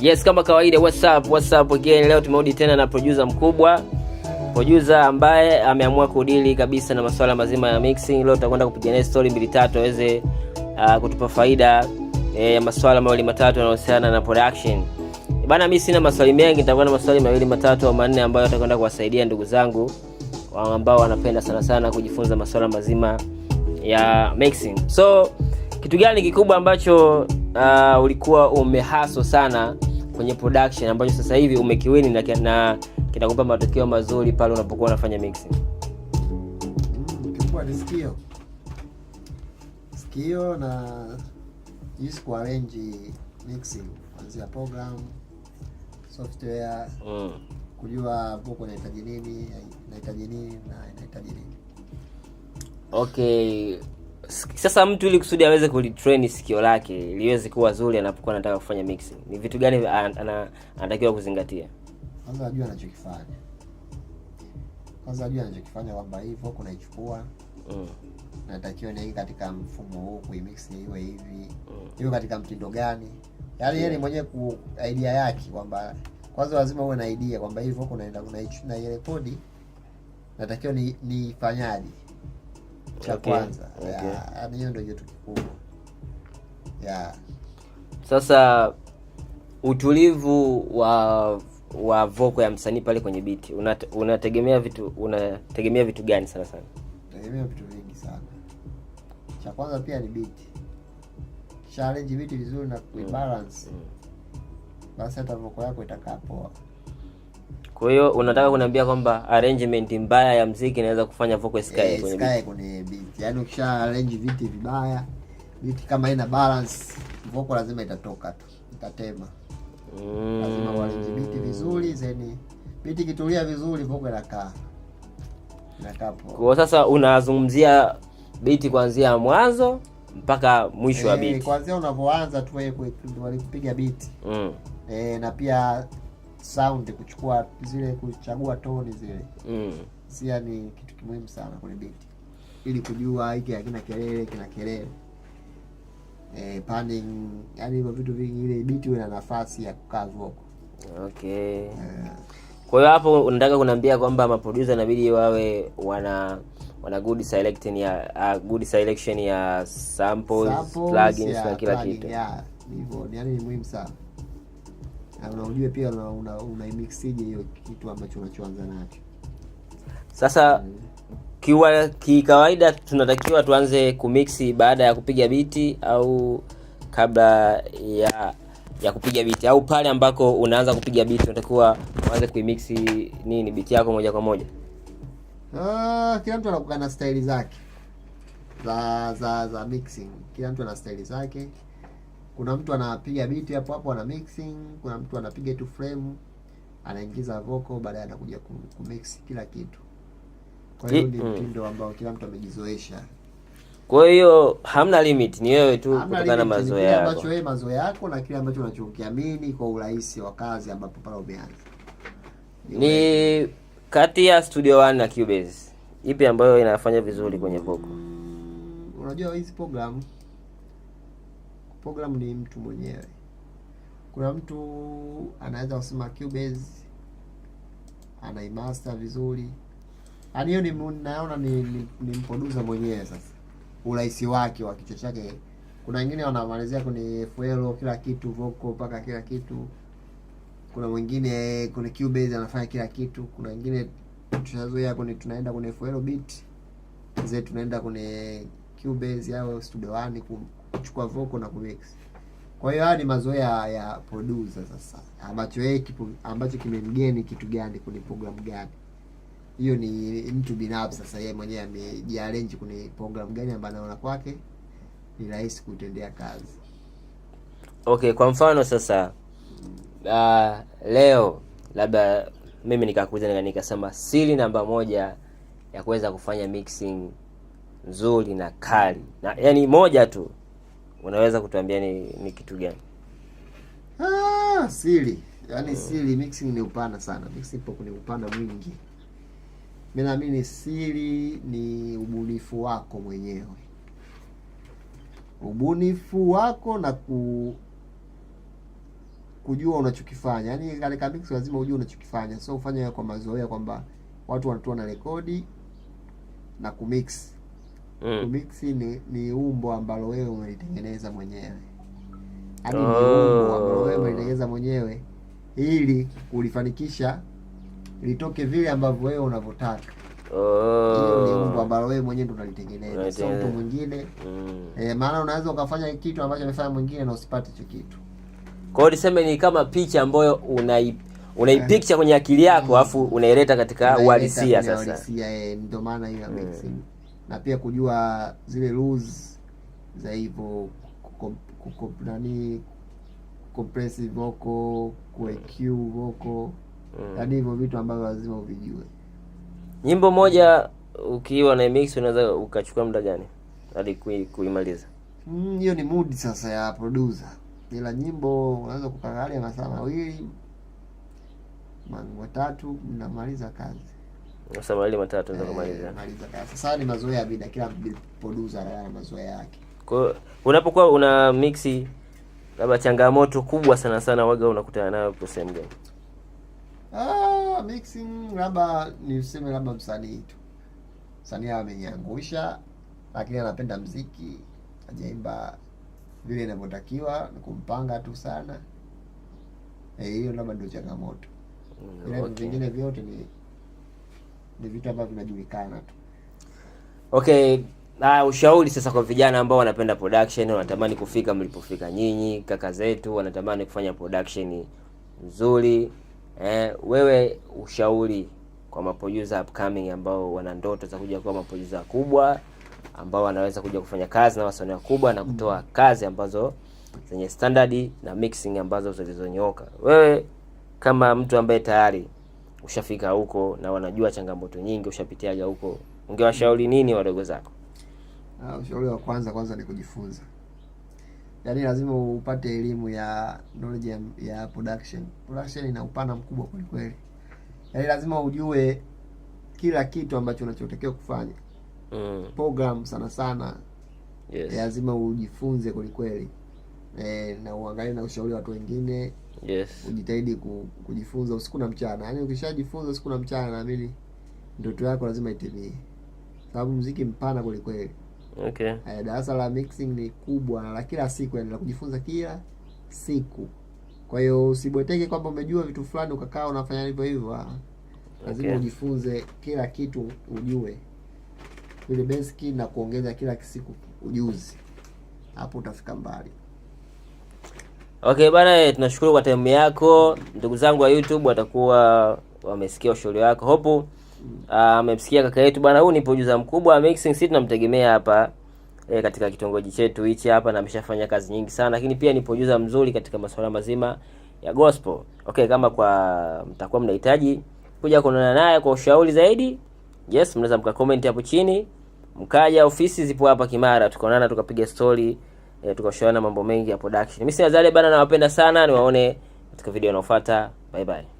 Yes, kama kawaida, what's up, what's up again. Leo tumerudi tena na producer mkubwa, producer ambaye ameamua kudili kabisa na masuala mazima ya mixing. Leo tutakwenda kupiga naye story mbili tatu aweze uh, kutupa faida eh, ya eh, masuala mawili matatu yanayohusiana na production. Bana, mimi sina maswali mengi, nitakuwa na maswali mawili matatu au manne ambayo atakwenda kuwasaidia ndugu zangu ambao wanapenda sana sana kujifunza masuala mazima ya mixing. So kitu gani kikubwa ambacho uh, ulikuwa umehaso sana kwenye production ambacho sasa hivi umekiwini na, na kinakupa matokeo mazuri pale unapokuwa unafanya mixing. Mm, kikubwa ni sikio, sikio na jinsi kuarrange mixing kuanzia program, software mm. kujua boko inahitaji nini, inahitaji nini na inahitaji nini. Okay. Sasa mtu ili kusudi aweze kulitrain sikio lake liweze kuwa zuri anapokuwa anataka kufanya mixing, ni vitu gani anatakiwa kuzingatia? Kwanza ajue anachokifanya, kwanza ajue anachokifanya kwamba hivyo kunaichukua mm. natakiwa niweke katika mfumo huu kuimix iwe hivi mm. iwe katika mtindo gani, yaani yeye mm. mwenyewe ku idea yake kwamba kwanza lazima uwe na idea kwamba hivyo kunaenda kunairekodi, natakiwa nifanyaje ni cha kwanza hiyo ndio kitu kikubwa Sasa utulivu wa wa voko ya msanii pale kwenye biti unategemea vitu unategemea vitu gani sana sana? Tegemea vitu vingi sana. Cha kwanza pia ni biti, challenge biti vizuri na kuibalance, mm, mm. basi hata voko yako itakaa poa. Kwa hiyo unataka kuniambia kwamba arrangement mbaya ya mziki inaweza kufanya vocal sky eh, kwenye beat. Sky Kwenye beat. Yaani ukisha arrange viti vibaya, viti kama ina balance, vocal lazima itatoka tu. Itatema. Mm. Lazima uarrange viti vizuri, then viti kitulia vizuri vocal inakaa. Inakaa poa. Kwa sasa unazungumzia beat kuanzia mwanzo mpaka mwisho wa hey, eh, beat. Kuanzia unavyoanza tu wewe kupiga beat. Mm. Eh, na pia sound kuchukua zile kuchagua toni zile mm. Sia ni kitu kimuhimu sana kwenye beat, ili kujua hiki hakina kelele, kina kelele e, panning, yani hivyo vitu vingi, ile beat ina nafasi ya kukaa huko. Okay yeah. Kwa hiyo hapo unataka kuniambia kwamba maproducer inabidi wawe wana wana good selection ya uh, good selection ya samples, samples plugins ya, na kila kitu. Yeah, hivyo yani ni muhimu sana na ujue pia unaimixije una hiyo kitu ambacho unachoanza nacho sasa. hmm. Kiwa kikawaida tunatakiwa tuanze kumixi baada ya kupiga biti au kabla ya ya kupiga biti au pale ambako unaanza kupiga biti unatakiwa uanze kuimixi nini biti yako moja kwa moja? Ah, kila mtu anakuwa na staili zake za za za mixing, kila mtu ana staili zake. Kuna mtu anapiga beat hapo hapo ana mixing, kuna mtu anapiga tu frame anaingiza vocal, baadaye anakuja ku mix kila kitu. Kwa hiyo eh, ni mm. mtindo ambao kila mtu amejizoesha. Kwa hiyo hamna limit, ni wewe tu kutokana na mazoea yako, ambacho wewe mazoea yako na kile ambacho unachokiamini kwa urahisi wa kazi ambapo pale umeanza. Ni kati ya Studio One na Cubase ipi ambayo inafanya vizuri kwenye vocal? Unajua hizi programu program ni mtu mwenyewe. Kuna mtu anaweza kusema Cubase anaimaster vizuri, yaani hiyo ni naona ni, ni, ni mproducer mwenyewe. Sasa urahisi wake wa kichwa chake, kuna wengine wanamalizia kwenye FL kila kitu voko mpaka kila kitu. Kuna mwingine kuna Cubase anafanya kila kitu. Kuna wengine tunazoea kwenye tunaenda kwenye FL beat zetu tunaenda kwenye Cubase au Studio One kuchukua vocal na kumix. Kwa hiyo haya ni mazoea ya producer sasa, ambacho yeye ambacho kimemgeni kitu gani kuni program gani. Hiyo ni mtu binafsi sasa, yeye mwenyewe amejiarrange kuni program gani ambayo anaona kwake ni rahisi kutendea kazi. Okay, kwa mfano sasa Uh, leo labda mimi nikakuza nikasema siri namba moja ya kuweza kufanya mixing nzuri na kali na yani moja tu unaweza kutuambia ni, ni kitu gani? Ah, siri yaani, mm. siri mixing ni upana sana, mixing poko ni upana mwingi. Mimi naamini siri ni ubunifu wako mwenyewe, ubunifu wako na ku kujua unachokifanya. Yaani katika mix lazima ujue unachokifanya, so ufanye kwa mazoea kwamba watu wanatua na rekodi na kumix mm. ni, ni umbo ambalo wewe umelitengeneza mwenyewe ani oh. Ni umbo ambalo wewe umelitengeneza mwenyewe ili kulifanikisha litoke vile ambavyo wewe unavyotaka. Hiyo oh. ni umbo ambalo wewe mwenyewe ndo unalitengeneza, sio mtu mwingine mm. eh, maana unaweza ukafanya kitu ambacho amefanya mwingine na usipate hicho kitu. Kwa hiyo niseme ni kama picha ambayo unai unaipicha eh. kwenye akili yako alafu unaileta katika uhalisia sasa. Eh, ndio maana hiyo na pia kujua zile rules za hivyo nani compressive vocal, EQ mm. vocal, mm. yaani hivyo vitu ambavyo lazima uvijue. Nyimbo moja ukiwa na mix unaweza ukachukua muda gani hadi kuimaliza? Mm, hiyo mm, ni mood sasa ya producer, ila nyimbo unaweza kukaa hadi masaa mawili matatu mnamaliza kazi. Sasa matatu ndio kumaliza. Eh, Sasa ni mazoea ya bida, kila producer ana mazoea yake. Kwa hiyo unapokuwa una mix labda changamoto kubwa sana sana waga unakutana nayo kwa same game. Ah, mixing labda ni useme labda msanii tu. Msanii amenyangusha lakini anapenda mziki, ajaimba vile inavyotakiwa, ni kumpanga tu sana. Eh, hiyo labda ndio changamoto. Vile mm, okay. Vingine vyote ni ni vitu ambavyo vinajulikana tu. Okay, na ushauri sasa kwa vijana ambao wanapenda production, wanatamani kufika mlipofika nyinyi, kaka zetu wanatamani kufanya production nzuri eh, wewe ushauri kwa maproducer upcoming ambao wana ndoto za kuja kuwa maproducer kubwa ambao wanaweza kuja kufanya kazi na wasanii wakubwa na kutoa mm. kazi ambazo zenye standard na mixing ambazo zilizonyooka, wewe kama mtu ambaye tayari ushafika huko na wanajua changamoto nyingi ushapitiaga huko, ungewashauri nini wadogo zako? Uh, ushauri wa kwanza kwanza ni kujifunza, yaani lazima upate elimu ya knowledge ya, production. Production ina upana mkubwa kwelikweli, yaani lazima ujue kila kitu ambacho unachotakiwa kufanya mm. program sana sana yes. Lazima ujifunze kwelikweli e, eh, na uangalie na ushauri wa watu wengine yes. Ujitahidi kujifunza usiku na mchana, yaani ukishajifunza usiku na mchana, naamini ndoto yako lazima itimie, sababu mziki mpana kwelikweli. Okay. darasa la mixing ni kubwa na la kila siku, yaani la kujifunza kila siku. Kwa hiyo usibweteke kwamba umejua vitu fulani ukakaa unafanya hivyo hivyo, ah. lazima okay, ujifunze kila kitu ujue ile basic na kuongeza kila siku ujuzi, hapo utafika mbali. Okay bana, tunashukuru kwa time yako. Ndugu zangu wa YouTube watakuwa wamesikia ushauri wako hopu amemsikia ah, uh, kaka yetu bana. Huu ni producer mkubwa Mixing City, tunamtegemea hapa e, katika kitongoji chetu hichi hapa, na ameshafanya kazi nyingi sana, lakini pia ni producer mzuri katika masuala mazima ya gospel. Okay, kama kwa mtakuwa mnahitaji kuja kuonana naye kwa ushauri zaidi, yes, mnaweza mkakomenti hapo chini, mkaja ofisi zipo hapa Kimara, tukaonana tukapiga story e, eh, tukashauriana mambo mengi ya production. Mimi si Azale bana, nawapenda sana, niwaone katika video inayofuata. Bye bye.